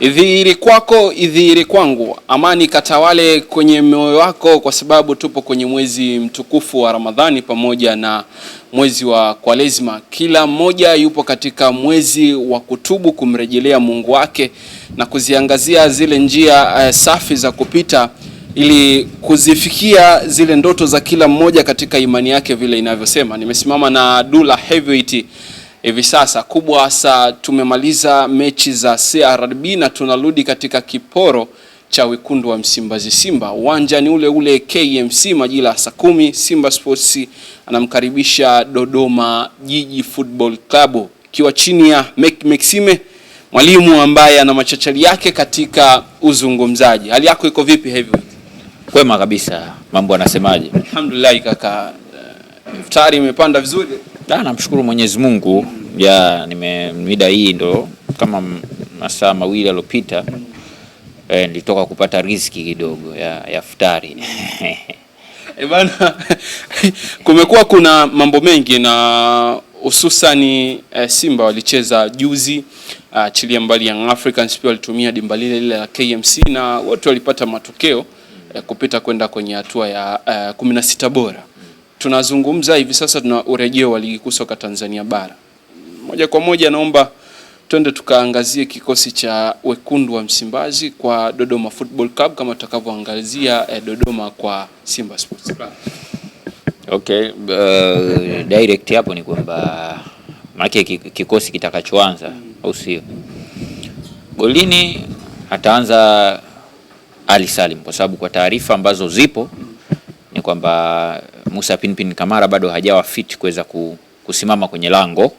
Idhihiri kwako idhihiri kwangu, amani katawale kwenye moyo wako, kwa sababu tupo kwenye mwezi mtukufu wa Ramadhani pamoja na mwezi wa Kwalezma. Kila mmoja yupo katika mwezi wa kutubu, kumrejelea Mungu wake na kuziangazia zile njia uh, safi za kupita ili kuzifikia zile ndoto za kila mmoja katika imani yake vile inavyosema. Nimesimama na Dula Heavyweight hivi sasa kubwa hasa. Tumemaliza mechi za CRB na tunarudi katika kiporo cha wekundu wa Msimbazi Simba. Uwanja ni ule ule KMC, majira ya saa kumi. Simba Sports anamkaribisha Dodoma Jiji Football Club ikiwa chini ya Mek Maxime mwalimu ambaye ana machachari yake katika uzungumzaji. Hali yako iko vipi Heavyweight? Kwema kabisa, mambo anasemaje? Alhamdulillah kaka, eh, iftari imepanda vizuri. Ah, namshukuru Mwenyezi Mungu ya nime mida hii ndo kama masaa mawili yaliyopita eh, nilitoka kupata riziki kidogo ya, ya futari E bana, kumekuwa kuna mambo mengi na hususani eh, Simba walicheza juzi, ah, achilia mbali Young Africans, pia walitumia dimba lile lile la KMC na wote walipata matokeo eh, kupita kwenda kwenye hatua ya e, eh, 16 bora tunazungumza hivi sasa, tuna urejeo wa ligi kuu soka Tanzania bara. Moja kwa moja, naomba twende tukaangazie kikosi cha wekundu wa Msimbazi kwa Dodoma Football Club kama tutakavyoangazia eh, Dodoma kwa Simba Sports Club. Okay, uh, direct hapo ni kwamba maanake kikosi kitakachoanza au sio? Golini ataanza Ali Salim kwa sababu kwa taarifa ambazo zipo ni kwamba Musa Pinpin Kamara bado hajawa fit kuweza kusimama kwenye lango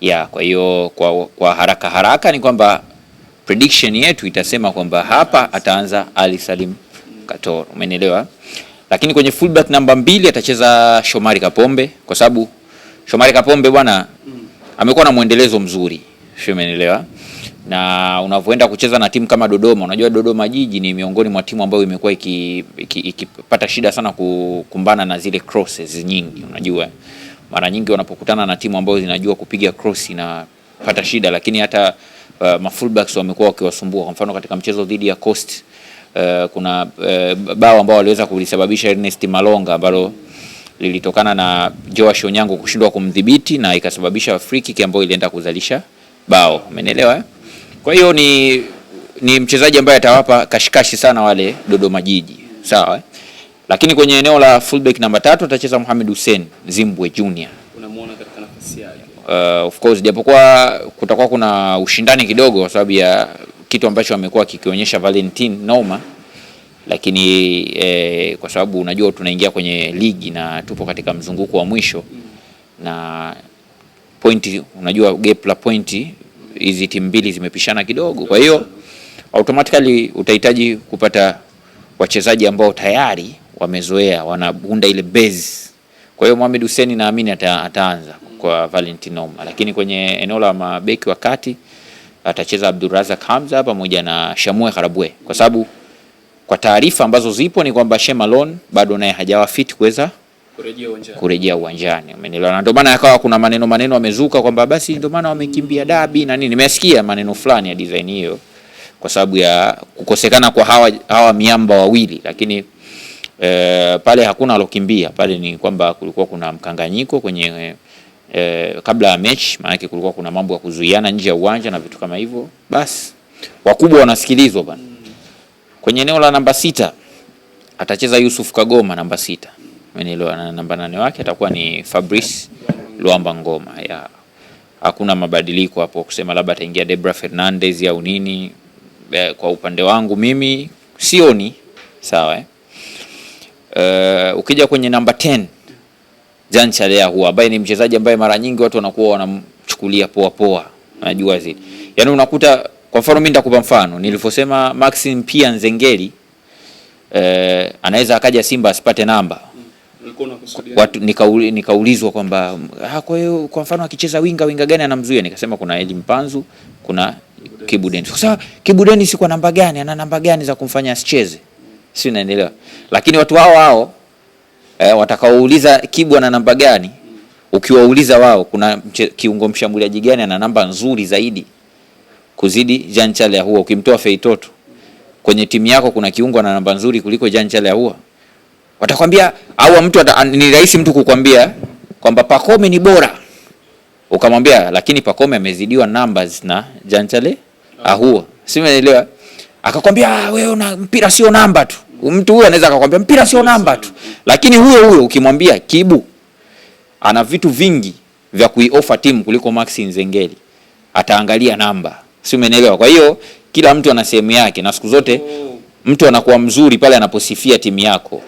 ya, kwa hiyo kwa, kwa haraka haraka ni kwamba prediction yetu itasema kwamba hapa ataanza Ali Salim kator umenielewa Lakini kwenye fullback namba mbili atacheza Shomari Kapombe kwa sababu Shomari Kapombe bwana amekuwa na mwendelezo mzuri, umeelewa? na unavyoenda kucheza na timu kama Dodoma, unajua Dodoma Jiji ni miongoni mwa timu ambayo imekuwa ikipata iki, iki, shida sana kukumbana na zile crosses nyingi. Unajua mara nyingi wanapokutana na timu ambayo zinajua kupiga cross inapata shida, lakini hata uh, mafullbacks wamekuwa wakiwasumbua. Kwa mfano katika mchezo dhidi ya Coast uh, kuna uh, bao ambao waliweza kulisababisha Ernest Malonga ambalo lilitokana na Joash Onyango kushindwa kumdhibiti na ikasababisha free kick ambayo ilienda kuzalisha bao. Umeelewa eh? Kwa hiyo ni, ni mchezaji ambaye atawapa kashikashi sana wale Dodoma Jiji, sawa. Eh? Lakini kwenye eneo la fullback namba tatu atacheza Mohamed Hussein Zimbwe Junior. Unamuona katika nafasi yake? Uh, of course japokuwa kutakuwa kuna ushindani kidogo kwa sababu ya kitu ambacho amekuwa kikionyesha Valentine Noma, lakini eh, kwa sababu unajua tunaingia kwenye ligi na tupo katika mzunguko wa mwisho mm, na pointi, unajua gap la pointi hizi timu mbili zimepishana kidogo, kwa hiyo automatically utahitaji kupata wachezaji ambao tayari wamezoea, wanaunda ile base. Kwa hiyo Mohamed Hussein naamini ata, ataanza kwa Valentino, lakini kwenye eneo la mabeki wa kati atacheza Abdurazak Hamza pamoja na Shamwe Karabwe, kwa sababu kwa taarifa ambazo zipo ni kwamba Shemalon bado naye hajawa fit kuweza kurejea uwanjani, umeelewa? Na ndio maana yakawa kuna maneno maneno amezuka kwamba basi ndio maana wamekimbia dabi na nini. Nimesikia maneno fulani ya design hiyo kwa sababu ya kukosekana kwa hawa, hawa miamba wawili, lakini e, pale hakuna alokimbia pale, ni kwamba kulikuwa kuna mkanganyiko kwenye e, kabla ya mechi, maanake kulikuwa kuna mambo ya kuzuiana nje ya uwanja na vitu kama hivyo. Basi wakubwa wanasikilizwa bana. Mm. Kwenye eneo la namba sita atacheza Yusuf Kagoma namba sita umenielewa, yaani na namba nane wake atakuwa ni Fabrice Luamba Ngoma ya hakuna mabadiliko hapo kusema labda ataingia Debra Fernandez au nini. Kwa upande wangu mimi sioni sawa eh? Uh, ukija kwenye namba 10 Jan Chalea huwa ambaye ni mchezaji ambaye mara nyingi watu wanakuwa wanamchukulia poa poa, najua zile yani, unakuta kwa mfano, mimi nitakupa mfano nilivyosema Maxim pia Nzengeli, eh, anaweza akaja Simba asipate namba watu nikaulizwa kwamba ah, kwa hiyo kwa mfano akicheza winga winga gani anamzuia? Nikasema kuna Eli Mpanzu, kuna Kibu Denis. Sasa Kibu Denis kwa namba gani, ana namba gani za kumfanya asicheze? Si naendelea, lakini watu hao hao eh, watakaouliza Kibu ana namba gani, ukiwauliza wao kuna kiungo mshambuliaji gani ana namba nzuri zaidi kuzidi Jean Charles Ahoua, ukimtoa Feitoto kwenye timu yako, kuna kiungo ana namba nzuri kuliko Jean Charles Ahoua? watakwambia au mtu ata, ni rahisi mtu kukwambia kwamba pakome ni bora, ukamwambia lakini pakome amezidiwa numbers na Janchale Ahua, si umeelewa? Akakwambia ah, wewe una mpira sio namba tu. Mtu huyo anaweza akakwambia mpira sio namba tu, lakini huyo huyo ukimwambia Kibu ana vitu vingi vya kuiofa timu kuliko Maxi Nzengeli, ataangalia namba, si umeelewa? Kwa hiyo kila mtu ana sehemu yake, na siku zote oh. mtu anakuwa mzuri pale anaposifia timu yako.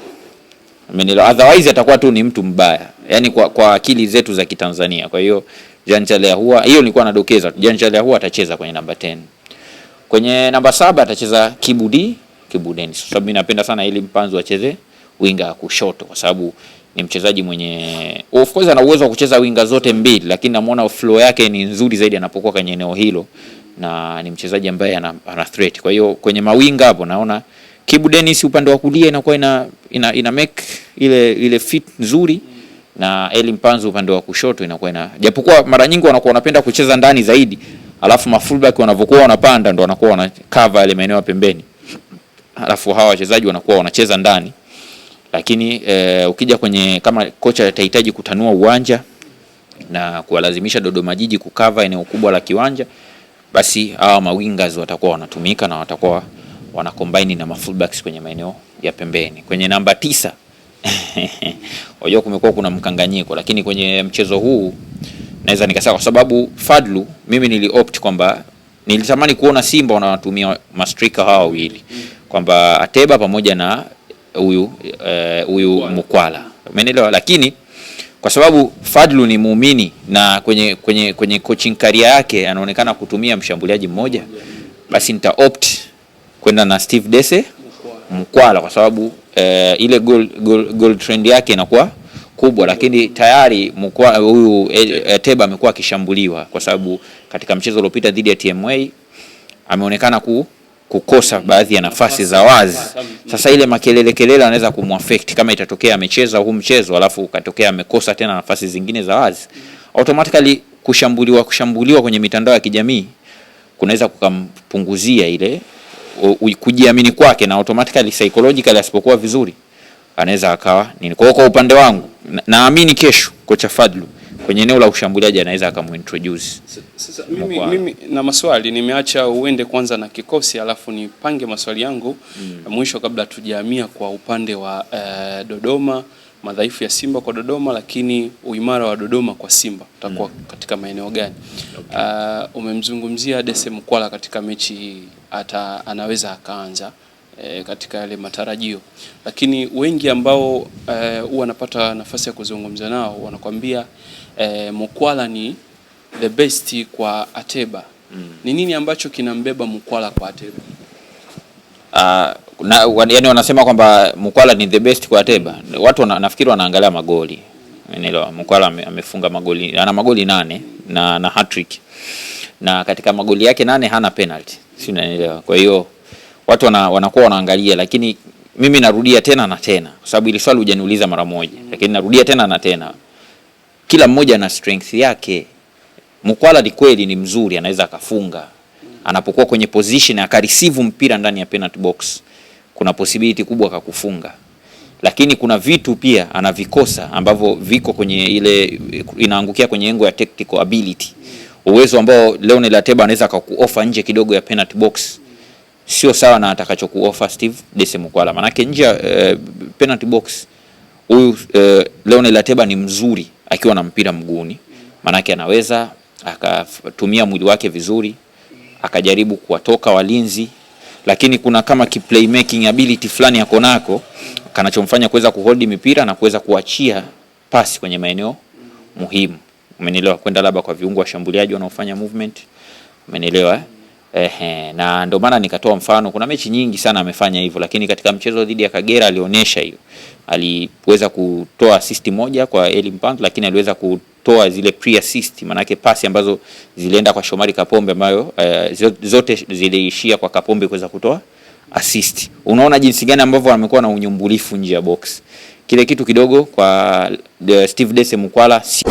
Amenielewa? Otherwise atakuwa tu ni mtu mbaya, yani kwa, kwa akili zetu za Kitanzania. Kwa hiyo Jean Ahoua, hiyo nilikuwa nadokeza tu. Jean Ahoua atacheza kwenye namba 10. Kwenye namba saba atacheza Kibudi Kibudeni, kwa sababu mimi napenda sana ili mpanzu acheze winga kushoto, kwa sababu ni mchezaji mwenye of course ana uwezo wa kucheza winga zote mbili, lakini namuona flow yake ni nzuri zaidi anapokuwa kwenye eneo hilo, na ni mchezaji ambaye ana, ana threat. Kwa hiyo kwenye mawinga hapo naona Kibu Dennis upande wa kulia inakuwa ina, ina, ina make ile ile fit nzuri na Eli Mpanzu upande wa kushoto inakuwa ina japokuwa mara nyingi wanakuwa wanapenda kucheza ndani zaidi, alafu ma fullback wanavyokuwa wanapanda ndo wanakuwa wana cover ile maeneo ya pembeni, alafu hawa wachezaji wanakuwa wanacheza ndani. Lakini e, ukija kwenye kama kocha atahitaji kutanua uwanja na kuwalazimisha Dodoma Jiji kukava eneo kubwa la kiwanja, basi hawa mawingers watakuwa wanatumika na watakuwa wana combine na mafullbacks kwenye maeneo ya pembeni. Kwenye namba tisa wajua kumekuwa kuna mkanganyiko, lakini kwenye mchezo huu naweza nikasema kwa sababu Fadlu, mimi niliopt kwamba nilitamani kuona Simba wanawatumia mastrika hawa wawili kwamba Ateba pamoja na huyu eh, huyu uh, Mkwala, umeelewa? Lakini kwa sababu Fadlu ni muumini na kwenye kwenye kwenye coaching career yake anaonekana kutumia mshambuliaji mmoja, basi nita opt kwenda na Steve Dese Mkwala kwa sababu eh, ile goal, goal, goal trend yake inakuwa kubwa, lakini tayari huyu eh, eh, Teba amekuwa akishambuliwa kwa sababu katika mchezo uliopita dhidi ya TMA ameonekana ku, kukosa baadhi ya nafasi za wazi. Sasa ile makelele kelele anaweza kumwaffect kama itatokea amecheza huu mchezo alafu katokea amekosa tena nafasi zingine za wazi, automatically kushambuliwa kushambuliwa kwenye mitandao ya kijamii kunaweza kukampunguzia ile kujiamini kwake, na automatically psychologically asipokuwa vizuri anaweza akawa nini. Kwa hiyo kwa upande wangu naamini na kesho kocha Fadlu kwenye eneo la ushambuliaji anaweza akamuintroduce. Sasa mimi, mimi na maswali nimeacha uende kwanza na kikosi alafu nipange maswali yangu mm. mwisho kabla tujahamia kwa upande wa uh, Dodoma madhaifu ya Simba kwa Dodoma, lakini uimara wa Dodoma kwa Simba utakuwa mm. katika maeneo gani? okay. Uh, umemzungumzia Dese Mkwala katika mechi hii, hata anaweza akaanza E, katika yale matarajio, lakini wengi ambao eh, huwa e, wanapata nafasi ya kuzungumza nao wanakwambia e, Mkwala ni the best kwa Ateba. mm. Ni nini ambacho kinambeba Mkwala kwa Ateba? Uh, na, yani wanasema kwamba Mkwala ni the best kwa teba Watu wana, nafikiri wanaangalia magoli. Unaelewa, Mkwala amefunga magoli, ana magoli nane na na hat-trick. Na katika magoli yake nane hana penalty. Si unanielewa? Kwa hiyo watu wana, wanakuwa wanaangalia lakini mimi narudia tena na tena kwa sababu ile swali hujaniuliza mara moja, lakini narudia tena na tena. Kila mmoja na strength yake. Mkwala ni kweli ni mzuri, anaweza akafunga anapokuwa kwenye position akareceive mpira ndani ya penalty box kuna possibility kubwa akakufunga, lakini kuna vitu pia anavikosa ambavyo viko kwenye ile inaangukia kwenye engo ya tactical ability, uwezo ambao Leonel Ateba anaweza akakuofa nje kidogo ya penalty box sio sawa na atakachokuofa Steve Dese Mukwala, manake nje ya uh, penalty box huyu uh, eh, Leonel Ateba ni mzuri akiwa na mpira mguuni, manake anaweza akatumia mwili wake vizuri akajaribu kuwatoka walinzi lakini kuna kama ki playmaking ability fulani yako nako kanachomfanya kuweza kuhold mipira na kuweza kuachia pasi kwenye maeneo muhimu. Umenielewa? Kwenda labda kwa viungo washambuliaji wanaofanya movement. Umenielewa? Eh? Ehe, na ndio maana nikatoa mfano. Kuna mechi nyingi sana amefanya hivyo, lakini katika mchezo dhidi ya Kagera alionyesha hiyo, aliweza kutoa assist moja kwa Elimpanzu, lakini aliweza kutoa zile pre assist, maanake pasi ambazo zilienda kwa Shomari Kapombe ambayo eh, zote ziliishia kwa Kapombe kuweza kutoa assist. Unaona jinsi gani ambavyo amekuwa na unyumbulifu nje ya box, kile kitu kidogo kwa eh, Steve Dese Mukwala si